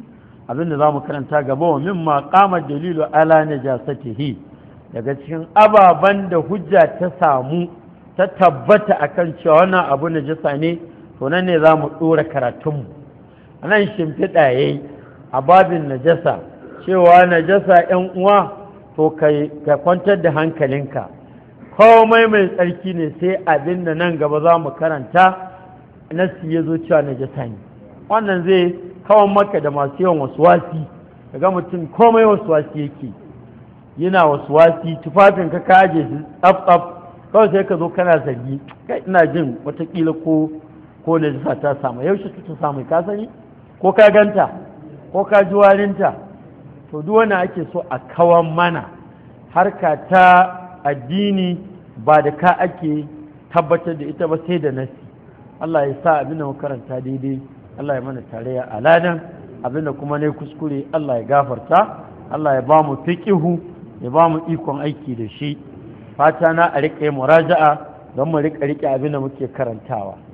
[SPEAKER 1] abinda za mu karanta gaba wa min qama dalilu ala najasatihi daga cikin ababan da hujja ta samu ta tabbata akan cewa wannan abu najasa ne to nan ne za mu ɗora karatunmu nan shimfiɗa ya yi a babin najasa cewa najasa ‘yan uwa to ka kwantar da hankalinka komai mai tsarki ne sai abin da nan gaba za mu karanta nasi ya zo cewa najasa ne wannan zai kawan maka da masu yawan wasuwasi ga mutum komai wasuwasi yake yana wasu wasi tufafin ka kaje su tsaf kawai sai ka zo kana zargi kai ina jin watakila ko ko najasa ta samu yaushe ta samu ka ko ka ganta ko ka ji warinta to duk wani ake so a kawan mana harka ta addini ba da ka ake tabbatar da ita ba sai da nasi Allah ya sa abin da karanta daidai Allah ya mana tarayya a ladan abin da kuma ne kuskure Allah ya gafarta Allah ya ba mu fiqihu ya ba mu ikon aiki da shi fata na a riƙe muraja'a don mu riƙa riƙe abin da muke karantawa